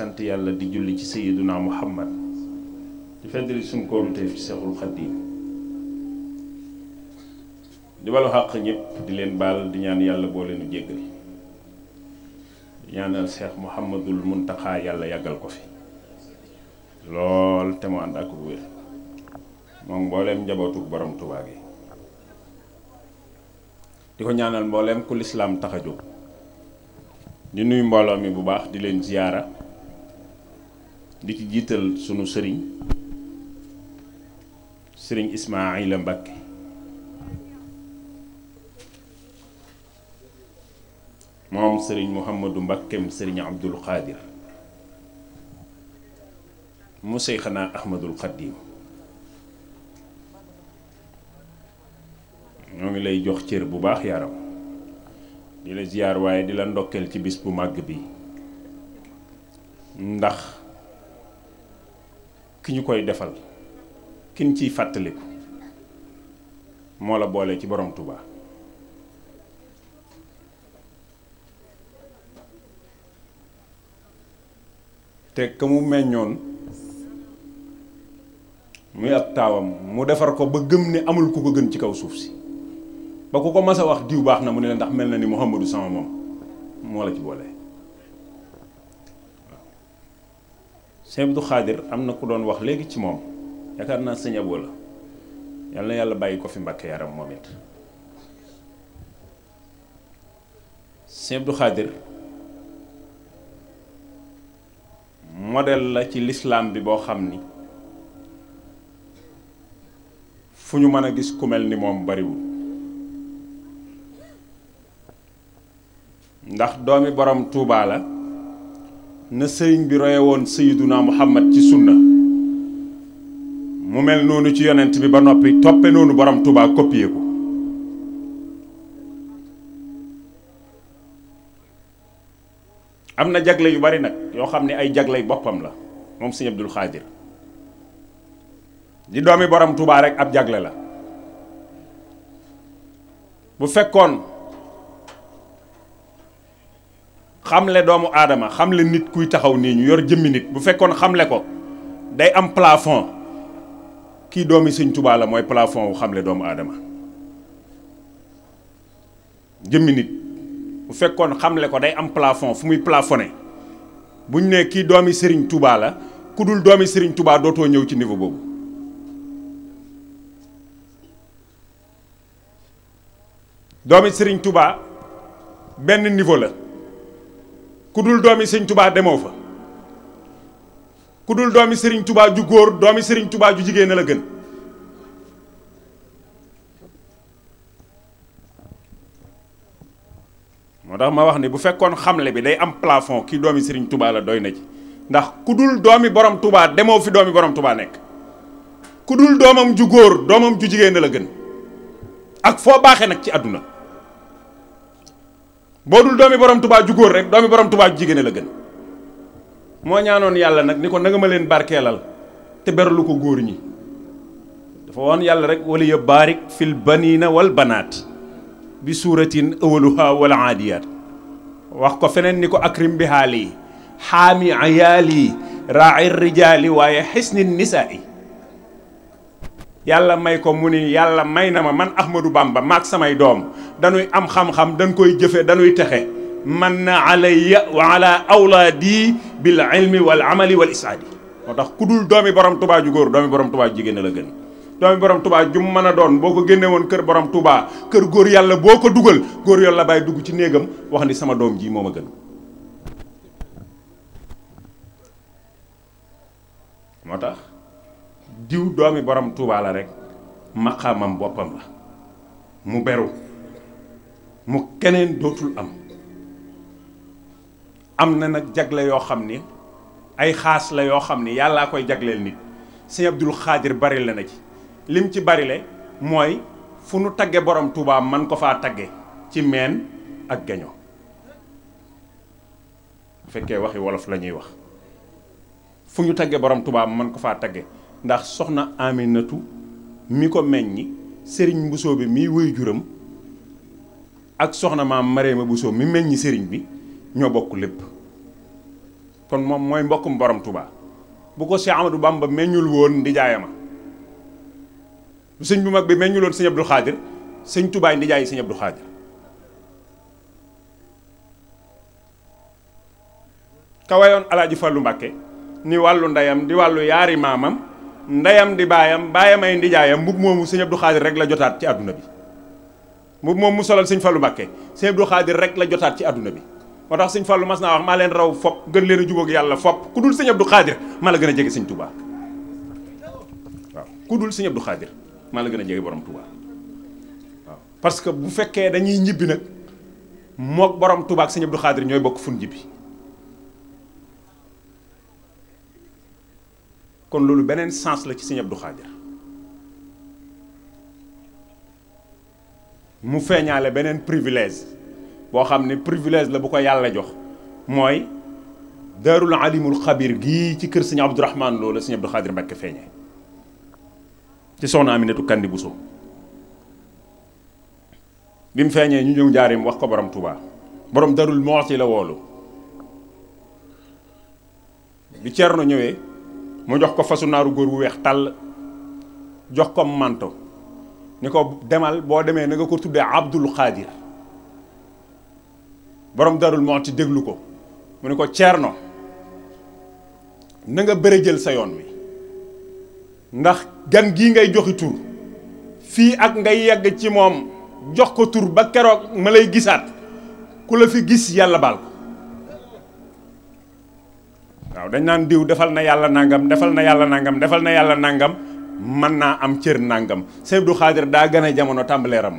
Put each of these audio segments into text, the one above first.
sant yàlla di julli ci sayiduna muhammad di feddali suñ koomteef ci seexul yi di balu xàq ñépp di leen baal di ñaan yàlla boo leenu jéggal di ñaanal seex muhammadul muntaxaa yàlla yàggal ko fi lool te mu ànd ak bu wér moom mbooleem njabootu borom Tuubaa gi di ko ñaanal mbooleem ku lislaam tax a jóg di nuyu mbooloo mi bu baax di leen ziyaara di ci jiital sunu sëriñ sëriñ Ismaayila Mbàkke moom sëriñ Muhammadu Mbàkkem sëriñ Abdul Xaadir mu seyxanaa Ahmadul Xaddiim ñoo ngi lay jox cër bu baax yaram di la ziyaar waaye di la ndokkeel ci bis bu màgg bi ndax ki ñu koy defal kin ciy fàttaliku moo la boole ci borom Touba te ka mu meññoon muy ab taawam mu defar ko ba gëm ni amul ku ko gën ci kaw suuf si ba ku ko masa wax diw baax na mu ne la ndax mel na ni Mouhamadou sama moom moo la ci boole. sëñ Abdou Khadir am na ku doon wax léegi ci moom yaakaar naa sëñ Abo la yal yàlla bàyyi ko fi mbàkke yaram moom it sëñ Abdou Khadir la ci lislaam bi boo xam ni fu ñu mën a gis ku mel ni moom bariwul ndax doomi borom tuubaa la na sëriñ bi roye woon sayiduna muhammad ci sunna mu mel noonu ci yonent bi ba noppi toppe noonu borom Touba copier am na jagle yu bari nag yoo xam ne ay jagley boppam la moom sëñ Abdul Xaadir di doomi borom tubaa rek ab jagle la bu fekkoon xamle doomu aadama xamle nit kuy taxaw nii ñu yor jëmmi nit bu fekkoon xamle ko day am plafond kii doomi sëñ tubaa la mooy plafond wu xamle doomu aadama jëmmi nit bu fekkoon xamle ko day am plafond fu muy plafonné buñ ne kii doomi sëriñ Tuubaa la ku dul doomi sëriñ tubaa dootoo ñëw ci niveau boobu doomi sëriñ tubaa benn niveau la ku dul doomi sëñ tubaa demoo fa ku dul doomi sëriñ tubaa ju góor doomi sëriñ tubaa ju jigéen a la gën moo tax ma wax ni bu fekkoon xamle bi day am plafond kii doomi sëriñ tubaa la doy na ci ndax ku dul doomi borom tubaa demoo fi doomi borom tubaa nekk ku dul doomam ju góor doomam ju jigéen a la gën ak foo baaxee nag ci àdduna boo dul doomi borom tubaa ju góor rek doomi borom tubaa ju la gën moo ñaanoon yàlla nag ni ko nanga ma leen barkeelal te beralu ko góor ñi dafa woon yàlla rek wala ya baarik fil banina wal banaat bi suuratin awaluha wal aadiyaat wax ko feneen ni ko ak bi xaali xaami ayaali raaci rijaali waaye xisni nisaa yi yàlla may ko mu ni yàlla may na ma man Ahmadou Bamba maak samay doom dañuy am xam-xam dañ koy jëfe dañuy texe man na alayya wa ala awlaadi bil ilmi wal amali wal isaadi moo tax ku dul doomi borom tubaa ju góor doomi borom tubaa ju jigéen la gën doomi borom tubaa ju mën a doon boo ko génne woon kër borom tubaa kër góor yàlla boo ko dugal góor yàlla bàyyi dugg ci néegam wax ni sama doom ji moom a gën tax diw doomi borom Touba la rek maqaamam boppam la mu beru mu keneen dootul am am na nag jagle yoo xam ni ay xaas la yoo xam ni yàllaa koy jagleel nit sëñ Abdul Xaadir bari la na ci lim ci bari le mooy fu nu tagge borom Touba man ko faa tagge ci meen ak gaño bu fekkee waxi wolof la ñuy wax fu ñu tagge borom Touba man ko faa tagge ndax soxna Aminatu mi ko meññi sëriñ Bousso bi miy wëy juram ak soxna maam Marème Bousso mi meññi sëriñ bi ñoo bokk lépp kon moom mooy mbokkum borom Touba bu ko Cheikh Amadou Bamba meññul woon di jaayama sëñ bu mag bi meññul woon sëñ Abdou Khadir sëñ Touba di jaayi sëñ Abdou Khadir kawayoon Alaaji Fàllu Mbàkke ni wàllu ndeyam di wàllu yaari maamam ndeyam di baayam baayam ay ndijaayam mbub moomu sëñ du Khadir rek la jotaat ci àdduna bi mbub moom mu solal sëñ Fallou Mbacké sëñ Abdou Khadir rek la jotaat ci àdduna bi moo tax sëñ Fallou mas naa wax maa leen raw fop gën leen a jubóog yàlla fop ku dul sëñ Abdou Khadir maa la gën a jege sëñ Touba waaw ku dul sëñ Abdou Khadir maa la gën a jege borom Touba waaw parce que bu fekkee dañuy ñibbi nag mook borom tubaak suñu sëñ Abdou ñooy bokk fun ñibbi kon loolu beneen sens la ci sëñ Abdou Khadir mu feeñaale beneen privilège boo xam ne privilège la bu ko yàlla jox mooy daarul alimul xabir gii ci kër sëñ Abdourahman loolu la sëñ Abdou Khadir Mbacké feeñee ci soxna Aminatu Kandi Bousso bi mu feeñee ñu ñëw njaarim wax ko borom Touba borom darul Mouhty la woolu bi Cerno ñëwee mu jox ko fasu naaru góor wu weex tàll jox ko manto ni ko demal boo demee na nga ko tuddee Abdul Xaadir boroom darul moo ci déglu ko mu ni ko Ceerno na nga bëre jël sa yoon wi ndax gan gii ngay joxi tur fii ak ngay yegg ci moom jox ko tur ba keroog ma lay gisaat ku la fi gis yàlla baal waaw dañ naan diw defal na yàlla nangam defal na yàlla nangam defal na yàlla nangam mën naa am cër nangam Sëñ du Khadre daa gën a jamono tàmbalee ram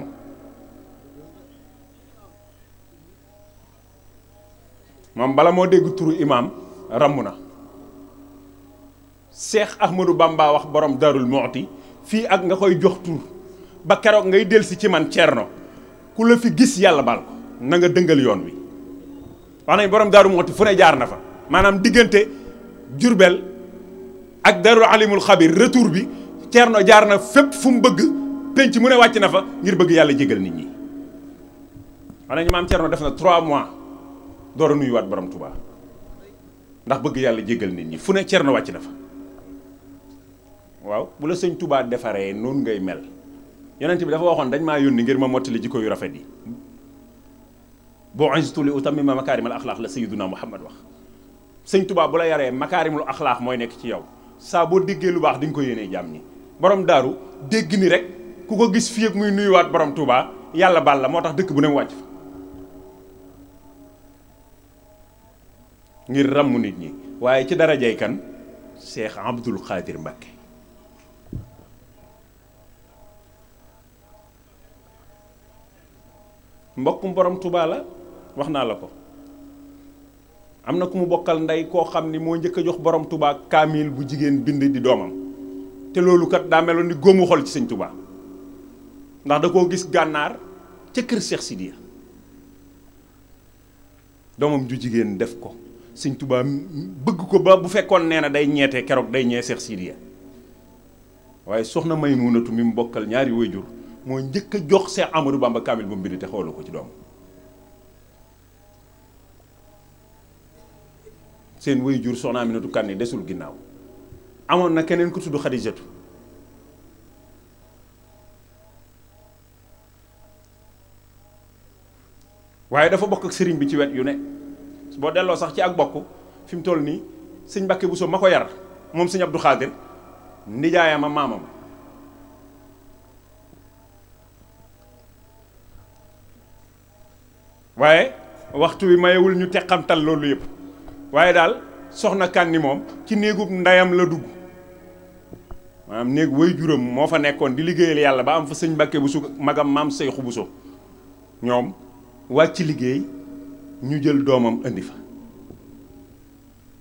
moom bala moo dégg turu imaam ramm na Seex Ahmadou Bamba wax borom Darul Mooti fii ak nga koy jox tur ba keroog ngay delsi ci man Cerno ku la fi gis yàlla baal ko na nga dëngal yoon wi wax nañ borom Darul Mooti fu ne jaar na fa maanaam diggante Jurbel ak Darul Alimul Xabir retour bi ceer Thierno jaar na fépp fu mu bëgg penc mu ne wàcc na fa ngir bëgg yàlla jégal nit ñi. wax nañu maam Thierno def na 3 mois door a borom Touba ndax bëgg yàlla jégal nit ñi fu ne Thierno wàcc na fa waaw bu la sëñ Touba defaree noonu ngay mel yonent bi dafa waxoon dañ maa yónni ngir ma mottali jikko yu rafet yi. boo anjitu li utammima makaarimal axlaaq la sayyiduna Muhammad wax. sëñ Tuubaa bu la yaree makaarimul axlaax mooy nekk ci yow saa boo déggee lu baax di nga ko yéenee jàmm ñi borom daaru dégg ni rek ku ko gis fii ak muy nuyuwaat borom Tuubaa yàlla baal la moo tax dëkk bu ne mu wàcc fa ngir ràmm nit ñi waaye ci dara kan Cheikh Abdoul Khadir Mbacké mbokkum boroom tubaa la wax naa la ko am na ku mu bokkal ndey koo xam ni moo njëkk a jox borom tubaa kaamil bu jigéen bind di doomam te loolu kat daa meloon ni góomu xol ci sëñ tubaa ndax da koo gis gànnaar ca kër Cheikh Sidiya doomam ju jigéen def ko sëñ tubaa bëgg ko ba bu fekkoon nee na day ñeete keroog day ñee Cheikh Sidiya waaye soxna Maymunatu mi mu bokkal ñaari wayjur moo njëkk jox Cheikh Amadou Bamba kaamil bu mu bind te xoolu ko ci doomam seen wéy jur soxna Aminatu Kanni desul ginnaaw amoon na keneen ku tudd Xadijatu waaye dafa bokk ak sëriñ bi ci wet yu ne boo delloo sax ci ak bokk fi mu toll nii sëñ Mbàkke Buso ma ko yar moom sëñ Abdu Xaadir nijaayam a maamam waaye waxtu wi mayewul ñu teqamtal loolu yëpp waaye daal soxna Kànni moom ci néegub ndeyam la dugg maanaam néeg woy juróom moo fa nekkoon di liggéeyal yàlla ba am fa sëñ Mbàkke Buso magam maam Seyxu Buso ñoom wàcc liggéey ñu jël doomam indi fa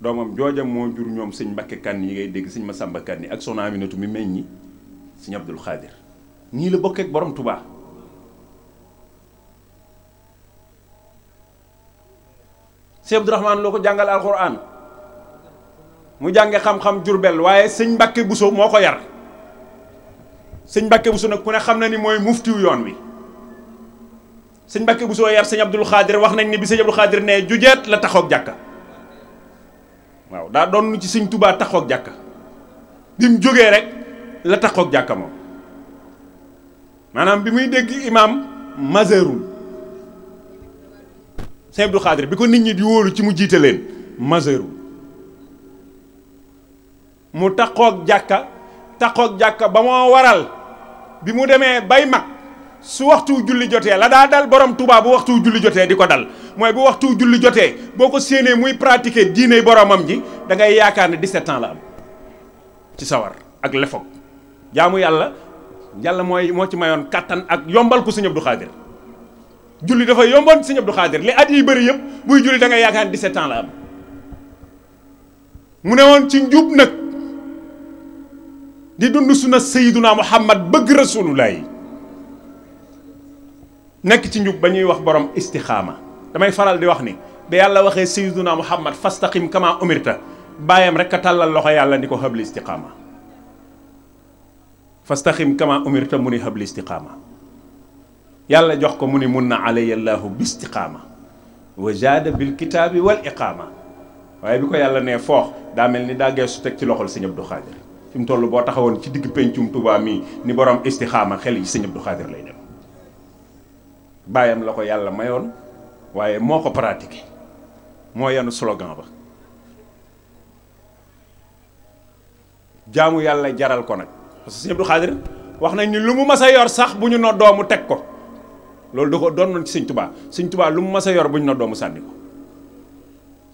doomam joojam moo jur ñoom sëñ Mbàkke Kànni yi ngay dégg sëñ Masamba Kànni ak soxna Aminatu mi meññi sëñ Abdul Xaadir ñii la bokkeek boroom Tubaa sëñ Abdourahmane loo ko jàngal alxuraan mu jànge xam-xam Jurbel waaye sëñ Mbàkke Buso moo ko yar sëñ Mbàkke Buso nag ku ne xam na ni mooy muftiw yoon wi sëñ Mbàkke Buso yar sëñ Abdul Xaadir wax nañ ni bi sëñ Abdul Xaadir ne jujeet la taxoog jàkka waaw daa doon ci sëñ Tubaa taxoog jàkka bi mu jógee rek la taxoog jàkka moom maanaam bi muy dégg imaam mazerul Sëñ Abdou Khadre bi ko nit ñi di wóolu ci mu jiite leen maseerul mu taxoog jàkka taxoog jàkka ba moo waral bi mu demee bay mag su waxtu julli jotee la daa dal borom Touba bu waxtu julli jotee di ko dal mooy bu waxtu julli jotee boo ko séenee muy pratiquer diine boromam ji da yaakaar ne 17 ans la am ci sawar ak lefoog jaamu yàlla yàlla mooy moo ci mayoon kàttan ak yombal ko Sëñ Abdou Khadre julli dafa yomboon sëñ Abdou Khadir li at yi bëri yëpp buy julli da ngay yaakaar ne 17 la am mu ne woon ci njub nag di dund sunna sayyiduna Muhammad bëgg rasulullah yi nekk ci njub ba ñuy wax borom istixaama damay faral di wax ni ba yàlla waxee sayyiduna Muhammad fastaqim kama umirta bàyyam rek a tàllal loxo yàlla ni ko xabli istixaama fastaqim kama umirta mu ni xabli istixaama yàlla jox ko mu ni mun na alayya llaahu bi istiqaama wa jaada bil kitaabi wal iqaama waaye bi ko yàlla nee foox daa mel ni daa geesu teg ci loxol sëñ Abdou Khadir fi mu toll boo taxawoon ci digg pencum Touba mii ni borom istixaama xel yi sëñ Abdou Khadir lay dem bàyyam la ko yàlla mayoon waaye moo ko pratiqué moo yanu slogan ba jaamu yàlla jaral ko nag parce que sëñ Abdou Khadir wax nañ lu mu mas yor sax bu ñu noddoo mu teg ko loolu da ko donnoon ci sëñ tubaa sëñ tubaa lu mu mas yor bu ñu na doomu sànni ko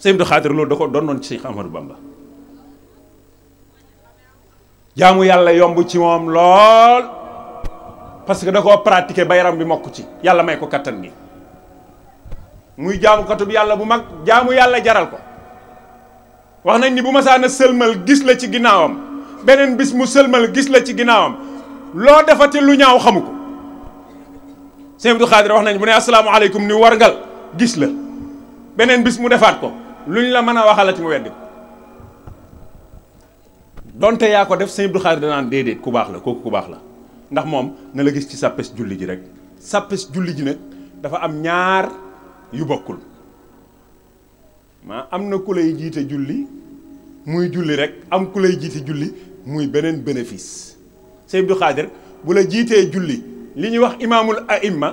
sëñ Abdou Khadre loolu da ko donnoon ci sëñ Amadou Bamba jaamu yàlla yomb ci moom lool parce que da koo pratiqué ba yaram bi mokk ci yàlla may ko kattan gi muy jaamukatub yàlla bu mag jaamu yàlla jaral ko wax nañ ni bu ma masaana sëlmal gis la ci ginnaawam beneen bis mu sëlmal gis la ci ginnaawam loo defate lu ñaaw xamu ko sëñ Abdou Khadir wax nañ bu ne asalaamaaleykum ni warngal gis la beneen bis mu defaat ko luñ la mën a waxalati nga ko donte yaa ko def sëñ Abdou Khadir danaan déedéet ku baax la kooku ku baax la ndax moom na la gis ci sàppes julli ji rek sàppes julli ji nag dafa am ñaar yu bokkul maa am na ku lay jiite julli muy julli rek am ku lay jiite julli muy beneen bénéfice sëñ Abdou Khadir bu la jiitee julli li ñuy wax imaamul aïmma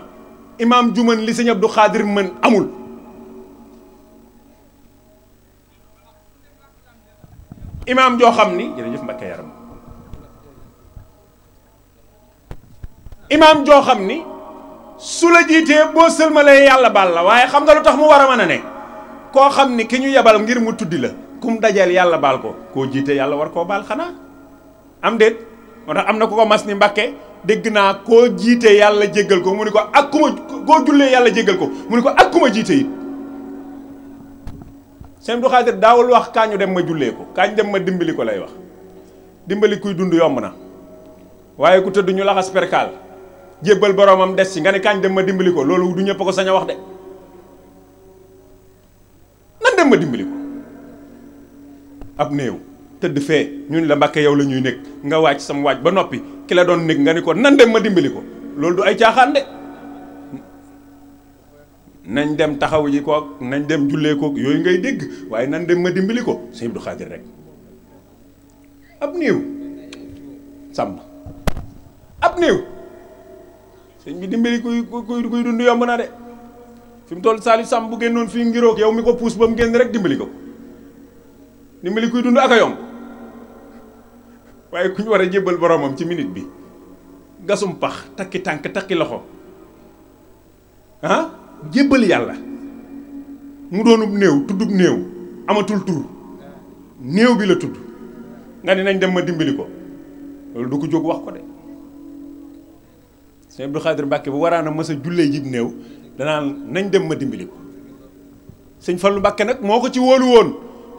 imaam ju mën li sëñ Abdou Xaadir mën amul imaam joo xam ni jërëjëf Mbacke joo xam ni su la jiitee boo sëlmalee yàlla baal la waaye xam nga lu tax mu war a mën a ne koo xam ni ki ñu yabal ngir mu tuddi la kum dajeel yàlla baal ko koo jiite yàlla war koo baal xanaa am déet moo tax am na ku ko mas ni Mbacke dégg naa koo jiite yàlla jéggal ko mu ni ko ak ku ma koo jullee yàlla jéggal ko mu ni ko ak ku ma jiite it sëñ Abdou Khadir daawul wax kaañu dem ma jullee ko kaañu dem ma dimbali ko lay wax dimbali kuy dund yomb na waaye ku tëdd ñu laxas perkaal jébbal boromam des ci nga ne kaañ dem ma dimbali ko loolu du ñëpp ko sañ wax de nan dem ma dimbali ko ab néew tëdd fee ñu ne la mbàkke yow la ñuy nekk nga waaj sam waaj ba noppi ki la doon nég nga ni ko nan dem ma dimbali ko loolu du ay caaxaan de nañ dem taxaw ji kook nañ dem jullee kook yooyu ngay dégg waaye nan dem ma dimbali ko sëñ Abdou rek ab néew sam ab néew sëñ bi dimbali kuy kuy kuy dund yomb na de fi mu toll Saliou sam bu génnoon fii ngiroog yow mi ko puus ba mu génn rek dimbali ko dimbali kuy dund ak yomb waaye ku ñu war a jébbal boromam ci minute bi gasum pax takki tànk takki loxo ah jébbal yàlla mu doonub néew tuddub néew amatul tur néew bi la tudd nga ne nañ dem ma dimbali ko loolu du ko jóg wax ko de sëñ Abdou Khadir Mbacke bu waraan a mës a jullee jib néew danaa nañ dem ma dimbali ko sëñ Fallou Mbacke nag moo ko ci wóolu woon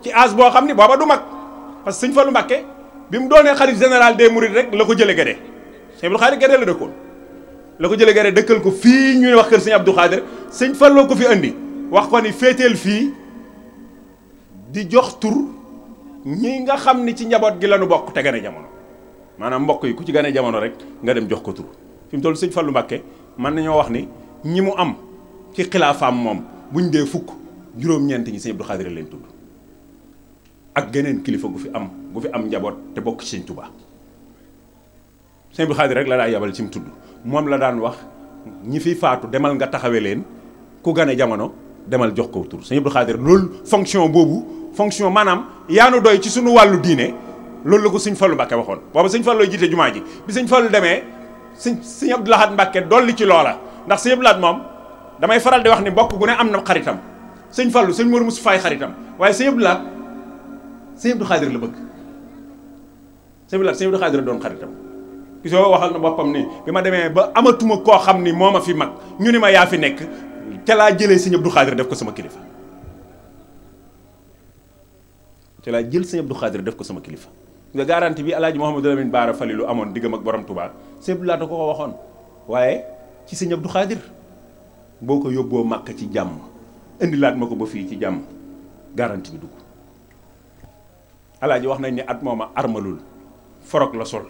ci âge boo xam ne booba du mag parce que sëñ Fallou Mbacke bi mu doonee xalif général de mourides rek la ko jëlee Gédé sëñ Abdou Khadir Gédé la dëkkoon la ko jëlee Gédé dëkkal ko fii ñuy wax kër sëñ Abdou Khadir sëñ Fallou ko fi andi wax ko ni féeteel fii di jox tur ñi nga xam ni ci njaboot gi lañu bokk te gane jamono maanaam mbokk yi ku ci gane jamono rek nga dem jox ko tur fi mu toll sëñ Fallou Mbacké mën nañoo wax ni ñi mu am ci xilaa xilaafaam moom buñ dee fukk juróom-ñeent ñi sëñ Abdou Khadir leen tudd. ak geneen kilifa gu fi am gu fi am njaboot te bokk ci sëñ Tuubaa sëñ bi rek la daa yabal ci mu tudd moom la daan wax ñi fi faatu demal nga taxawe leen ku gane jamono demal jox ko tur sëñ Abdou Xaadir loolu fonction boobu fonction maanaam yaanu doy ci suñu wàllu diine loolu la ko sëñ Fallu Mbàkke waxoon booba sëñ Fallu jiite jumaa ji bi sëñ falu demee sëñ sëñ Abdou Lahad Mbàkke dolli ci loola ndax sëñ Abdou Lahad moom damay faral di wax ni bokk gu ne am na xaritam sëñ sëñ Mor Musu Faay sëñ Abdou Khadir la bëgg sëñ Abdou sëñ Abdou Khadir doon xaritam gisoo waxal na boppam ni bi ma demee ba amatuma koo xam ni moo ma fi mag ñu ni ma yaa fi nekk ca laa jëlee sëñ Abdou Khadir def ko sama kilifa ca laa jël sëñ Abdou Khadir def ko sama kilifa nga garanti bi El Hadj Mouhamadou Lamine Baara Falilou amoon diggam ak borom Touba sëñ Abdou Laata ko waxoon waaye ci sëñ boo ko yóbboo màkk ci jàmm indilaat ma ko ba fii ci jàmm garanti bi dugg. alaaji wax nañ ni at mooma armalul forog la sol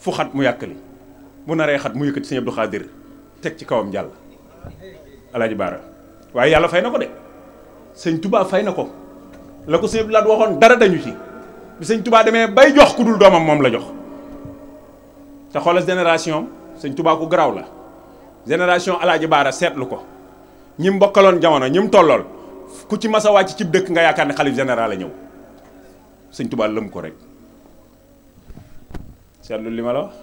fu xat mu yàkkali mu naree xat mu yëkkati sëñ Abdou Khadir teg ci kawam jàll alaaji baara waaye yàlla fay na ko de sëñ tubaa fay na ko la ko sëñ Abdou waxoon dara dañu ci bi sëñ tubaa demee bay jox ku dul doomam moom la jox te xoolal génération sëñ tubaa ku garaaw la génération alaaji baara seetlu ko ñi mu bokkaloon jamono ñi mu tollool ku ci mas a wàcc cib dëkk nga yaakaar ne xalif général la ñëw sëñ Tuubaa lëm ko rek seetlu li ma la wax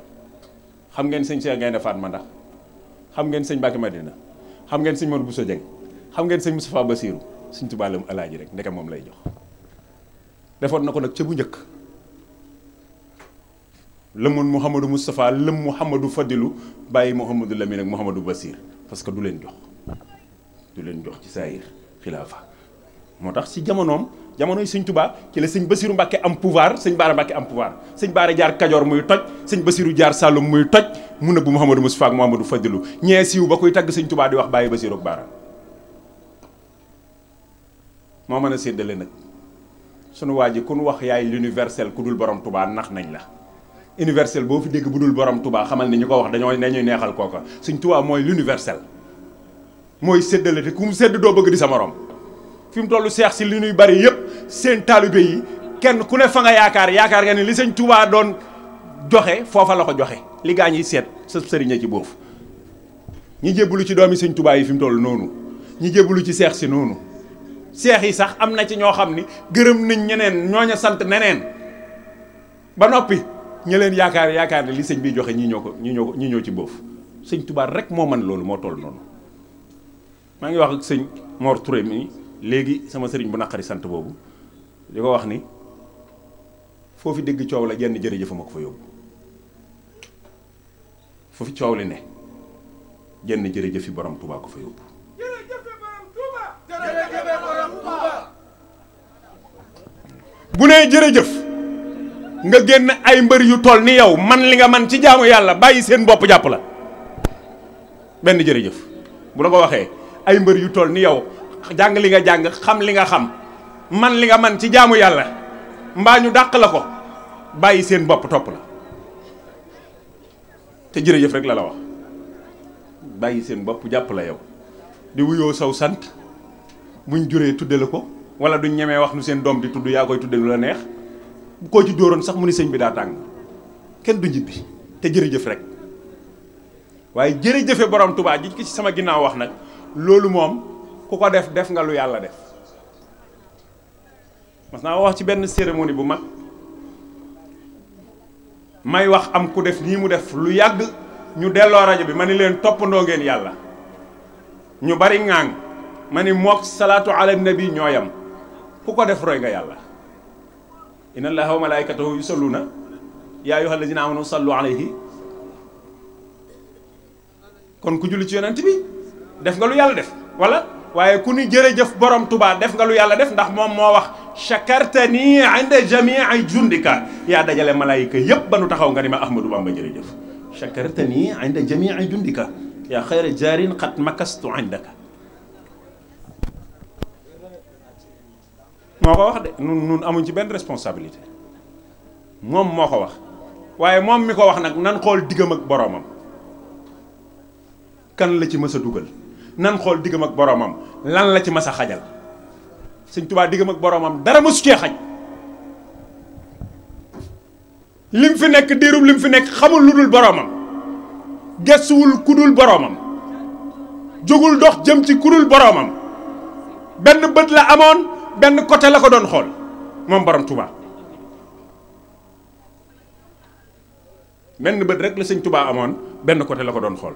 xam ngeen sëñ Cheikh Gaynde Fatma ndax xam ngeen sëñ Mbacke Madina xam ngeen sëñ Modou Bousso Dieng xam ngeen sëñ Moustapha Bassirou sëñ Tuubaa lëm alaaji rek ndeke moom lay jox defoon na ko nag ca bu njëkk lëmoon Mouhamadou Moustapha lëm Mouhamadou Fadilou bàyyi Mouhamadou Lamine ak Mouhamadou Bassir parce que du leen jox du leen jox ci saayir xilaafa moo tax si jamonoom jamono sëñ tubaa ci la sëñ Basiru Mbàkke am pouvoir sëñ Baara Mbàkke am pouvoir sëñ Baara jaar Kajoor muy toj sëñ Basiru jaar Saalum muy toj mu nëbbu Mouhamadou Moustapha ak Mouhamadou Fadilu ñee siiw ba koy tagg sëñ Tuubaa di wax bàyyi Basiru ak Baara moo mën a séddale nag sunu waa ji ku nu wax yaay l'universel ku dul borom tubaa nax nañ la universel boo fi dégg bu dul borom tubaa xamal ni ñu ko wax dañoo dañuy neexal kooka sëñ tubaa mooy l'universel mooy séddale te ku mu doo bëgg sa morom fi mu toll seex si li ñuy bari yëpp seen taalibe yi kenn ku ne fa nga yaakaar yaakaar nga ne li sëñ Tuubaa doon joxe foofa la ko joxe li gaa ñiy seet sa sëriñ ci boofu. ñi jébbalu ci doomi sëñ Tuubaa yi fi mu toll noonu ñi jébbalu ci seex si noonu seex yi sax am na ci ñoo xam ni gërëm nañ ñeneen ñooña sant neneen ba noppi ñi leen yaakaar yaakaar ne li sëñ bii joxe ñii ñoo ko ñi ñoo ko ñi ci boofu sëñ Tuubaa rek moo man loolu moo toll noonu maa ngi wax ak sëñ Mor mi léegi sama sëriñ bu naqari sant boobu di ko wax ni foofu dégg coow la jenn jërëjëf ma ko fa yóbbu foofu coow li ne jenn jërëjëf yi borom Touba ko fa yóbbu. bu nee jërëjëf nga génn ay mbër yu toll ni yow man li nga man ci jaamu yàlla bàyyi seen bopp jàpp la benn jërëjëf bu la ko waxee ay mbër yu toll ni yow. jàng li nga jàng xam li nga xam man li nga man ci jaamu yàlla mbaa ñu dàq la ko bàyyi seen bopp topp la te jëf rek la la wax bàyyi seen bopp jàpp la yow di wuyoo saw sant buñ juree tudde la ko wala duñ ñemee wax nu seen doom di tudd yaa koy tudde lu la neex koo ci dóoroon sax mu ni sëñ bi daa tàng kenn du ñibbi te jërëjëf rek waaye jëfe boroom tubaab ji ci sama ginnaaw wax nag loolu moom ku ko def def nga lu yàlla def mas naa wax ci benn cérémonie bu mag may wax am ku def nii mu def lu yàgg ñu delloo rajo bi ma ni leen toppandoo ngeen yàlla ñu bari ŋaang ma ni mook salaatu ala nabi ñooyam ku ko def roy nga yàlla inna allaha wa malaikatahu yusalluna yaa ayyuha alladina amanu sallu alayhi kon ku julli ci yonent bi def nga lu yàlla def wala waaye ku ni jërëjëf borom tubaab def nga lu yàlla def ndax moom moo wax chakartani inda jamii jundika yaa dajale malaayika yépp ba nu taxaw nga ni ma ahmadou bamba jërëjëf chakartani inda jamii jundika yaa xayra jaarin xat makastu indaka moo ko wax de nun nun amuñ ci benn responsabilité moom moo ko wax waaye moom mi ko wax nag nan xool diggam ak boroomam kan la ci mësa a dugal nan xool diggam ak boromam lan la ci mas a xajal sëñ Tuubaa diggam ak boromam dara ma cee xaj lim fi nekk diirub lim fi nekk xamul lu dul boromam gestuwul ku dul boromam jógul dox jëm ci ku dul boromam benn bët la amoon benn côté la ko doon xool moom borom Tuubaa benn bët rek la sëñ tubaa amoon benn côté la ko doon xool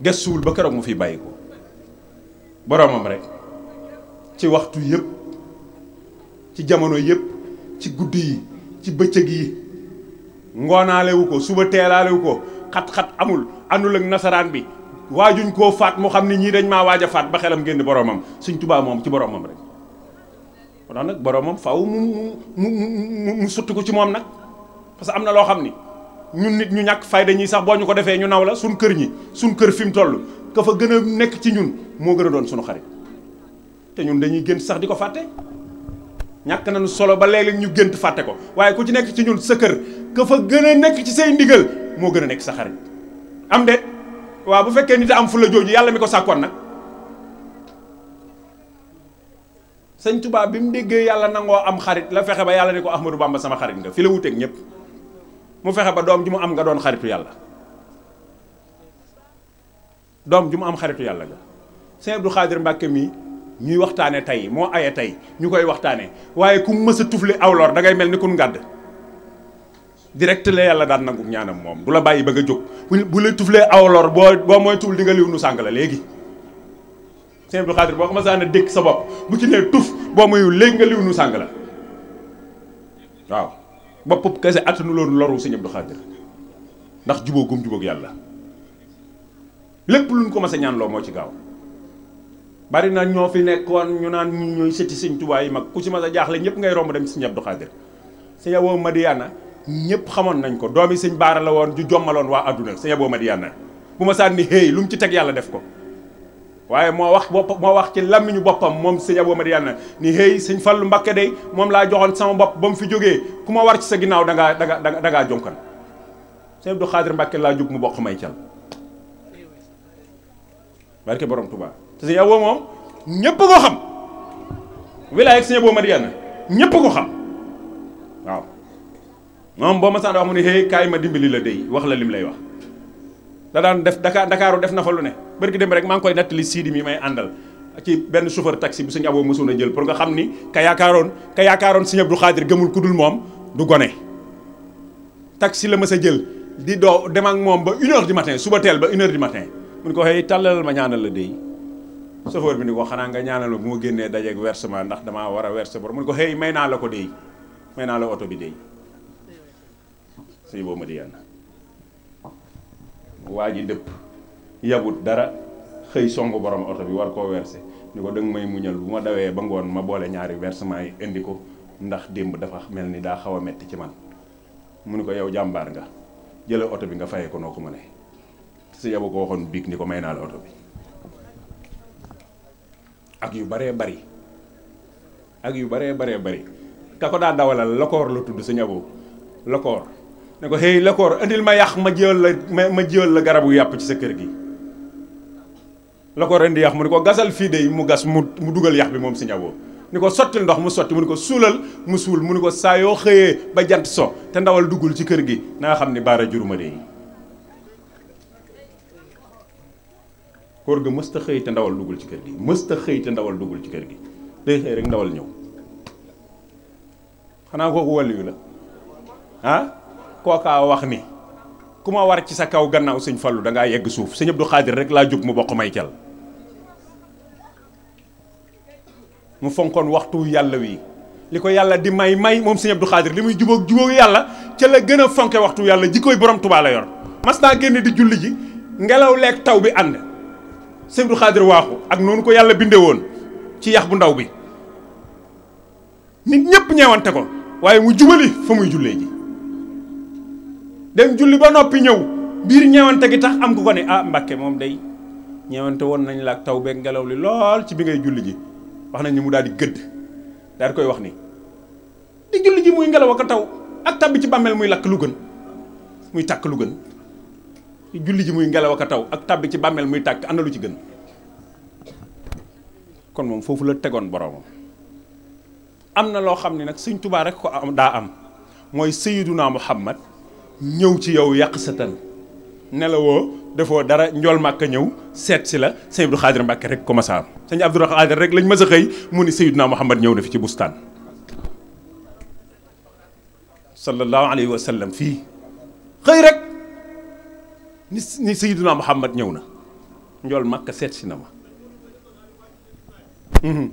gëstuwul ba keroog mu fi bàyyi ko boroomam rek ci waxtu yépp ci jamono yëpp ci guddi yi ci bëccëg yi ngoonaalewu ko suba teelaalewu ko xat-xat amul àndul ak nasaraan bi waajuñ koo faat mu xam ni ñii dañ maa waaja faat ba xelam génn boroomam suñ tubaab moom ci boroomam rek kon nag boroomam faw mu mu mu mu sotti ko ci moom nag parce que am na loo xam ni ñun nit ñu ñàkk fayda ñi sax boo ñu ko defee ñu naw la suñ kër ñi suñ kër fi mu toll ka fa gën a nekk ci ñun moo gën a doon suñu xarit te ñun dañuy gént sax di ko fàtte ñàkk nañu solo ba léeg ñu gént fàtte ko waaye ku ci nekk ci ñun sa kër ka fa gën a nekk ci say ndigal moo gën a nekk sa xarit am de waaw bu fekkee nit a am fu la jooju yàlla mi ko sàkkoon nag sëñ Tuubaa bi mu déggee yàlla nangoo am xarit la fexe ba yàlla ne ko Ahmadou Bamba sama xarit nga fi la wuteeg ñëpp mu fexe ba doom ji mu am nga doon xaritu yàlla doom ji mu am xaritu yàlla nga Sëñ Abdou Mbàkke mi ñuy waxtaane tey moo aye tey ñu koy waxtaane waaye ku mës a tufle awlor dangay mel ni kun ngàdd direct la yàlla daan nangu ñaanam moom du la bàyyi bëgg a jóg bu la tuflee awlor boo boo mooy tuul di nga liw nu sàng la léegi Sëñ Abdou Khadir boo xamante ne dëkk sa bopp bu ci nee tuf boo moyul léegi nga liw nu sàng la waaw bopp kese attanu loolu loru sëñ Abdou Khadir ndax jubóo gum jubóog yàlla lépp luñ ko mas a ñaan loo moo ci gaaw bari na ñoo fi nekkoon ñu naan ñu ñooy sëti sëñ Tuubaa yi mag ku si mas a jaaxle ñëpp ngay romb dem ci sëñ Abdou Khadir sëñ Abo Madiana ñëpp xamoon nañ ko doomi sëñ Baara la woon ju jommaloon waa àdduna sëñ Abo Madiana bu ma sànni xëy lu mu ci teg yàlla def ko waaye moo wax bopp moo wax ci làmmiñu boppam moom sëñ Abou Madiyana ni xëy sëñ Fallu Mbakke day moom laa joxoon sama bopp ba mu fi jógee ku ma war ci sa ginnaaw da ngaa da ngaa da ngaa Xaadir Mbakke laa jóg mu bokk may cal barke borom ko xam wilaay ñëpp ko xam waaw moom boo ma saan wax la day wax la lim lay wax. da def Dakar ndakaaru def na fa lu ne bërki dem rek maa ngi koy nattali siidi mi may àndal ci benn chauffeur taxi bu suñu aboo mosoon a jël pour nga xam ni ka yaakaaroon ka yaakaaroon Sëñ Abdou Khadir gëmul ku dul moom du gone taxi la mës a jël di doo dem ak moom ba une heure du matin suba teel ba une heure du matin mun ko waxee tàllalal ma ñaanal la dey chauffeur bi ni ko xanaa nga ñaanal ma bu ma génnee dajeeg versement ndax damaa war a verser bor mun ko xëy may naa ko dey may naa la oto bi dey sëñ boobu waa ji dëpp yabut dara xëy songu borom oto bi war koo verser ni ko danga may muñal bu ma dawee ba ngoon ma boole ñaari wersement yi indi ko ndax démb dafa mel ni daa xaw a metti ci man mu ni ko yow jàmbaar nga jële oto bi nga fayee ko noo ko mënee si yabu ko waxoon biig ni ko may naa la oto bi ak yu baree bari ak yu baree baree bari ka ko daa dawalal lokoor la tudd sa ñabo lokoor ne ko xëy la koor indil ma yàq ma jël la ma jiwal la garabu yàpp ci sa kër gi la koor indi yàq mu ni ko gasal fii de mu gas mu mu dugal yàq bi moom si njaboo ni ko sottil ndox mu sotti mu ni ko suulal mu suul mu ni ko saayoo xëyee ba jant so te ndawal duggul ci kër gi na nga xam ni baara juruma de koor ga mësta xëy te ndawal duggul ci kër gi mësta xëy te ndawal duggul ci kër gi day xëy rek ndawal ñëw xanaa kooku wàllu la ah? kookaa wax ni ku ma war ci sa kaw gannaaw sëñ Fallu dangaa ngaa yegg suuf sëñ du Xaadir rek laa jóg mu bokk may cal mu fonkoon waxtu yàlla wi li ko yàlla di may may moom sëñ du Xaadir li muy jubóog jubóog yàlla ca la gën a fonke waxtu yàlla ji koy borom Tuubaa la yor mas naa génn di julli ji ngelaw leeg taw bi ànd sëñ Abdu Xaadir waaxu ak noonu ko yàlla binde woon ci yax bu ndaw bi nit ñëpp ñeewante ko waaye mu jubali fa muy jullee ji dem julli ba noppi ñëw biir ñeewante gi tax am ku ko ne ah Mbàkke moom day ñeewante woon nañ la ak taw beeg ngelaw li lool ci bi ngay julli ji wax nañ ni mu daal di gëdd daal koy wax ni di julli ji muy ngelaw ak taw ak tabbi ci bàmmeel muy lakk lu gën muy tàkk lu gën di ji muy ngelaw ak taw ak tabbi ci bàmmeel muy tàkk am lu ci gën kon moom foofu la tegoon boroomam am na loo xam ni nag Sëñ Tuubaa rekk ko daa am mooy Sayyiduna Muhammad ñëw ci yow yàq sa tan nelawoo defoo dara njool màkk ñëw seet si la sëñ Abdou Khadir Mbacke rek ko ma sa am sëñ rek lañ ma a xëy mu ni Seydina Muhammad ñëw na fi ci bustaan sallallahu alayhi wa sallam fii xëy rek ni ni Muhammad ñëw na njool màkk seet si na ma mhm.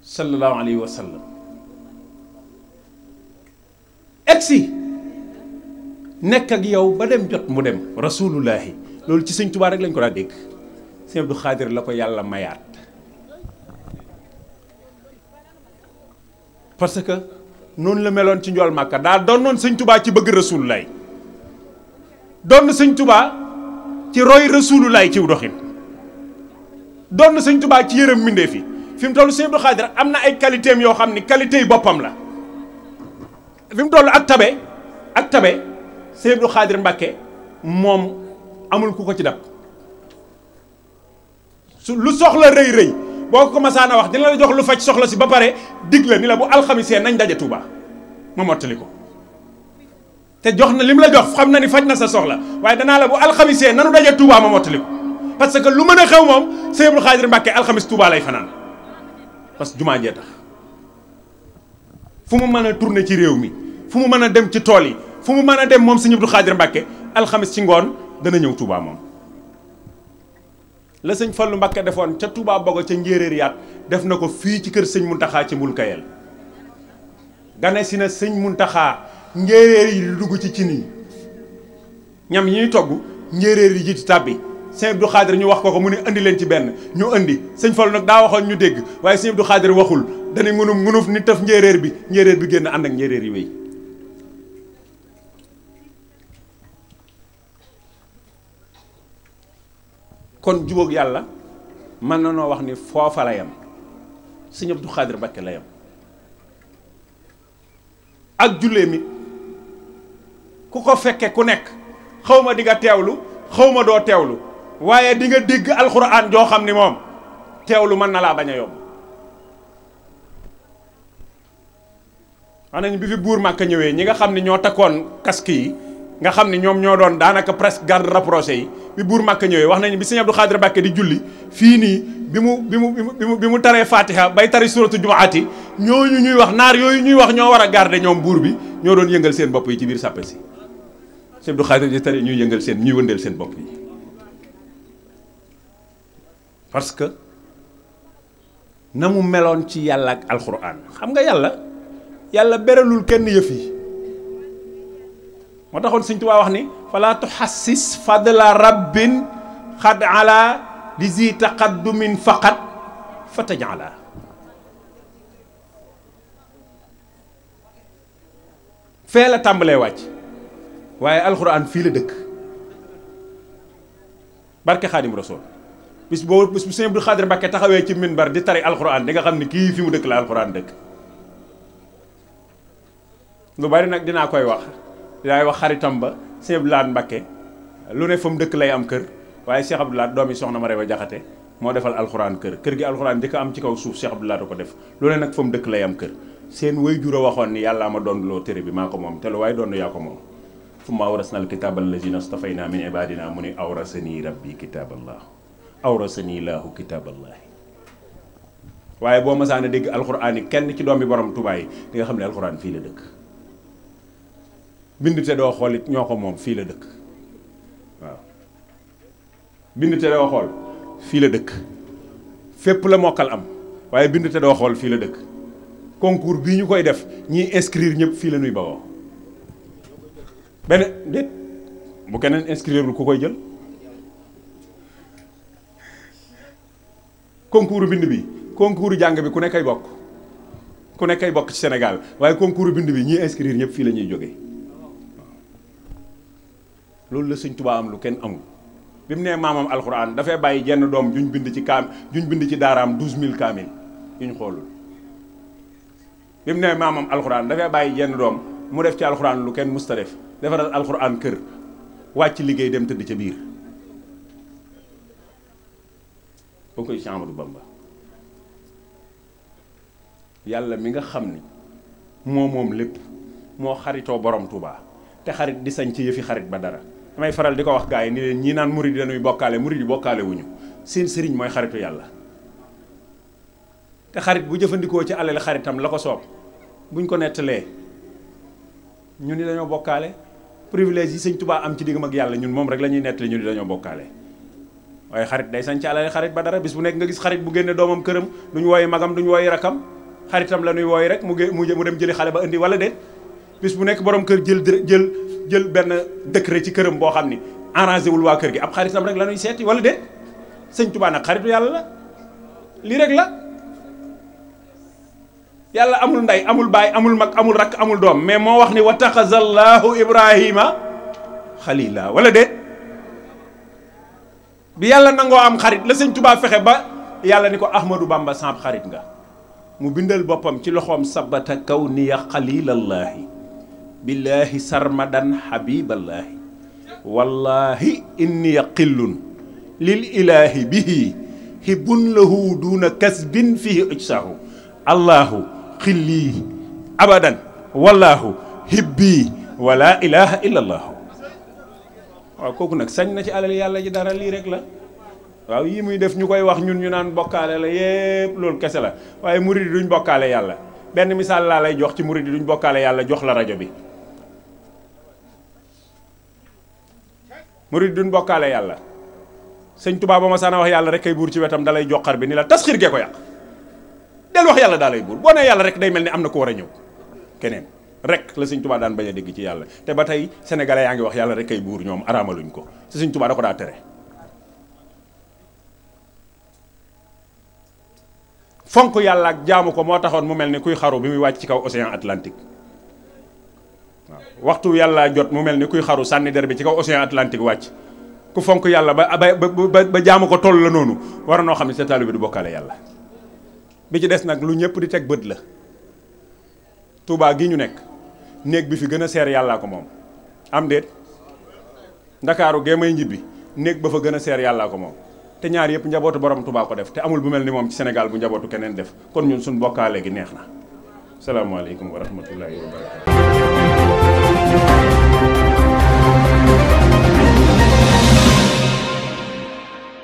sallallahu alayhi wa sallam si nekk ak yow ba dem jot mu dem rasulullahi loolu ci sëñ Tuubaa rek lañ ko daa dégg sëñ Abdou Xaadir la ko yàlla mayaat parce que noonu la meloon ci njool màkka daa doonoon sëñ tubaa ci bëgg rasulullahi doon sëñ Tuubaa ci roy rasulullahi ci doxin doon sëñ tubaa ci yërëm mbindéef yi fi mu toll sëñ Abdou Xaadir am na ay qualité yoo xam ni qualité boppam la fi mu toll ak tabe ak tabe Sëriñ Abdou Khadir Mbacke moom amul ku ko ci dab su lu soxla rëy rëy boo ko masaan a wax dina la jox lu faj soxla si ba pare dig la ni la bu alxamisee nañ daje Touba ma mottali ko te jox na lim la jox xam na ni faj na sa soxla waaye danaa la bu alxamisee nanu daje Touba ma mottali ko parce que lu ma a xew moom Sëriñ Abdou Khadir Mbacke alxamis Touba lay fanaan parce que jumaa jee tax fu mu mën a tourner ci réew mi fu mu mën a dem ci tool yi fu mu mën a dem moom sëñ Abdou Khadir Mbacke alxames ci ngoon dana ñëw Touba moom. la sëñ Fallou Mbacke defoon ca tubaab Bogo ca njéeréer yaat def na ko fii ci kër sëñ Mountakha ci mbul kayel gane si na sëñ Mountakha njéeréer yi di dugg ci cin yi ñam yi ñuy togg njéeréer yi ji ci tàbbi sëñ Abdou Khadir ñu wax ko ko mu ne indi leen ci benn ñu andi sëñ Fallu nag daa waxoon ñu dégg waaye sëñ Abdou Khadir waxul dañu ngunum ngunuf ni taf njéeréer bi njéeréer bi génn ànd ak njéeréer yi wéy kon jubóog yàlla mën na noo wax ni foofa la yam sëñ Abdou Khadir Mbacké yam ak jullee mi ku ko fekke ku nekk xaw ma di nga teewlu xaw ma doo teewlu waaye di nga dégg alxuraan joo xam ni moom teewlu mën na laa bañ a yomb wax nañ bi fi buur Màkka ñëwee ñi nga xam ne ñoo takkoon casque yi nga xam ni ñoom ñoo doon daanaka presque garde rapproché yi bi buur Màkka ñëwee wax nañ bi sëñ Abdou Khadir bàkke di julli fii nii bi mu bi mu bi mu bi mu taree Fatiha bay tari suratu jumaati ñooñu ñuy wax naar yooyu ñuy wax ñoo war a garder ñoom buur bi ñoo doon yëngal seen bopp yi ci biir sàppe si sëñ Abdou Khadir di tari ñuy yëngal seen ñuy wëndeel seen bopp yi parce que na mu meloon ci yàlla ak alxuraan xam nga yàlla yàlla beralul kenn yëf yi moo taxoon Sëñ Tuubaa wax ni fala tuxassis fadla rabbin xad ala li zi taqaddumin faqat fatajala fee la tàmbalee wàcc waaye alxuraan fii la dëkk barke xaadim rasul bis boo bis bu sëñ Abdou Khadre Mbacké taxawee ci minbar di tari alxuraan di nga xam ne kii fi mu dëkk la alxuraan dëkk lu bari nag dinaa koy wax dinaay wax xaritam ba sëñ Abdou Lahad Mbacké lu ne fa mu dëkk lay am kër waaye Cheikh Abdou Lahad doomi soxna ma Reba Jaxate moo defal alxuraan kër kër gi alxuraan njëkk am ci kaw suuf Cheikh Abdou ko def lu ne nag fa mu dëkk lay am kër seen way jur a waxoon ni yàllaa ma doon loo téere bi maa ko moom te lu waaye doon yaa ko moom fu ma awrasna al kitaaba allazina stafayna min ibadina mu ni awrasani awrasani laahu kitaaballahi waaye boo masaan a dégg alxuraan kenn ci doom bi borom tubaay yi di nga xam ne alxuraan fii la dëkk bind te doo xool ñoo ko moom fii la dëkk waaw te doo xool fii la dëkk fépp la mokkal am waaye bind te doo xool fii la dëkk concours bii ñu koy def ñiy inscrire ñëpp fii la nuy bawoo benn déet bu keneen inscrire lu ku koy jël concours bind bi concours jàng bi ku nekk ay bokk ku nekk ay bokk ci Sénégal waaye concours bind bi ñiy inscrire ñëpp fii lañuy ñuy loolu la sëñ Tuubaa am lu kenn amul bi mu nee maamam alxuraan dafay bàyyi jenn doom juñ bind ci kaam juñ bind ci daaraam douze mille kaamil yuñ xoolul bi mu nee maamam alxuraan dafay bàyyi jenn doom mu def ci alxuraan lu kenn musta def defaral alxuraan kër wàcc liggéey dem tëdd ca biir. ba koy Cheikh Amadou Bamba yàlla mi nga xam ni moo moom lépp moo xaritoo borom tubaa te xarit di sañ ci yëfi xarit ba dara damay faral di ko wax gaa yi ni leen ñii naan murid dañuy bokkaale murid yi bokkaale ñu seen sëriñ mooy xaritu yàlla te xarit bu jëfandikoo ci alal xaritam la ko soob buñ ko nettalee ñu ni dañoo bokkaale privilège yi sëñ Touba am ci diggam ak yàlla ñun moom rek la ñuy nettali ñu ni dañoo bokkaale waaye xarit day sañ ci alal xarit ba dara bis bu nekk nga gis xarit bu génne doomam këram duñ wooyi magam duñ wooyi rakam xaritam la nuy wooyi rek mu mu dem jëli xale ba indi wala de bis bu nekk borom kër jël jël jël benn décret ci këram boo xam ni arrangé wul waa kër gi ab xaritam rek la nuy seeti wala de sëñ Tuubaa nag xaritu yàlla la lii rek la yàlla amul ndey amul baay amul mag amul rakk amul doom mais moo wax ni wa taxazallahu ibrahima xalila wala de bi yàlla nangoo am xarit la sëñ Tuubaa fexe ba yàlla ni ko Ahmadou Bamba samp xarit nga mu bindal boppam ci loxoom sabata kaw niya xalilallaahi billaahi sarmadan xabiballaahi wallaahi inniya qillun lil ilaahi bihi hibbun lahu duuna kasbin fihi ujsahu allahu xillii abadan wallaahu hibbii wala ilaha illa allahu waaw kooku nag sañ na ci alal yàlla ji dara lii rek la waaw yii muy def ñu koy wax ñun ñu naan bokkaale la yépp loolu kese la waaye murid yi duñ bokkaale yàlla benn misaal laa lay jox ci murid yi duñ bokkaale yàlla jox la rajo bi murid yi duñ bokkaale yàlla sëñ Tuubaa ba ma wax yàlla rek ay buur ci wetam dalay joxar bi ni la tasxiir gee ko yàq del wax yàlla daa lay buur boo nee yàlla rek day mel ni am na ko war a ñëw keneen rek la sëñ tubaa daan bañ a dégg ci yàlla te ba tey sénégalais yaa ngi wax yàlla rek kay buur ñoom araamaluñ ko te sëñ tubaa da ko daa tere fonk yàlla ak jaamu ko moo taxoon mu mel ni kuy xaru bi muy wàcc ci kaw océan atlantik waaw waxtu yàlla jot mu mel ni kuy xaru sànni der bi ci kaw océan atlantique wàcc ku fonk yàlla ba ba ba jaamu ko toll la noonu war noo xam ne sa taalibe bi du bokkaale yàlla bi ci des nag lu ñëpp di teg bët la Tuubaa gi ñu nekk néeg bi fi gën a seer yàllaa ko moom am déet ndakaaru gee may njibbi néeg ba fa gën a seer yàllaa ko moom te ñaar yëpp njabootu borom Tuubaa ko def te amul bu mel ni moom ci senegal bu njabootu keneen def kon ñun suñ bokkaale gi neex na salaamaaleykum wa rahmatullahi wa barakatu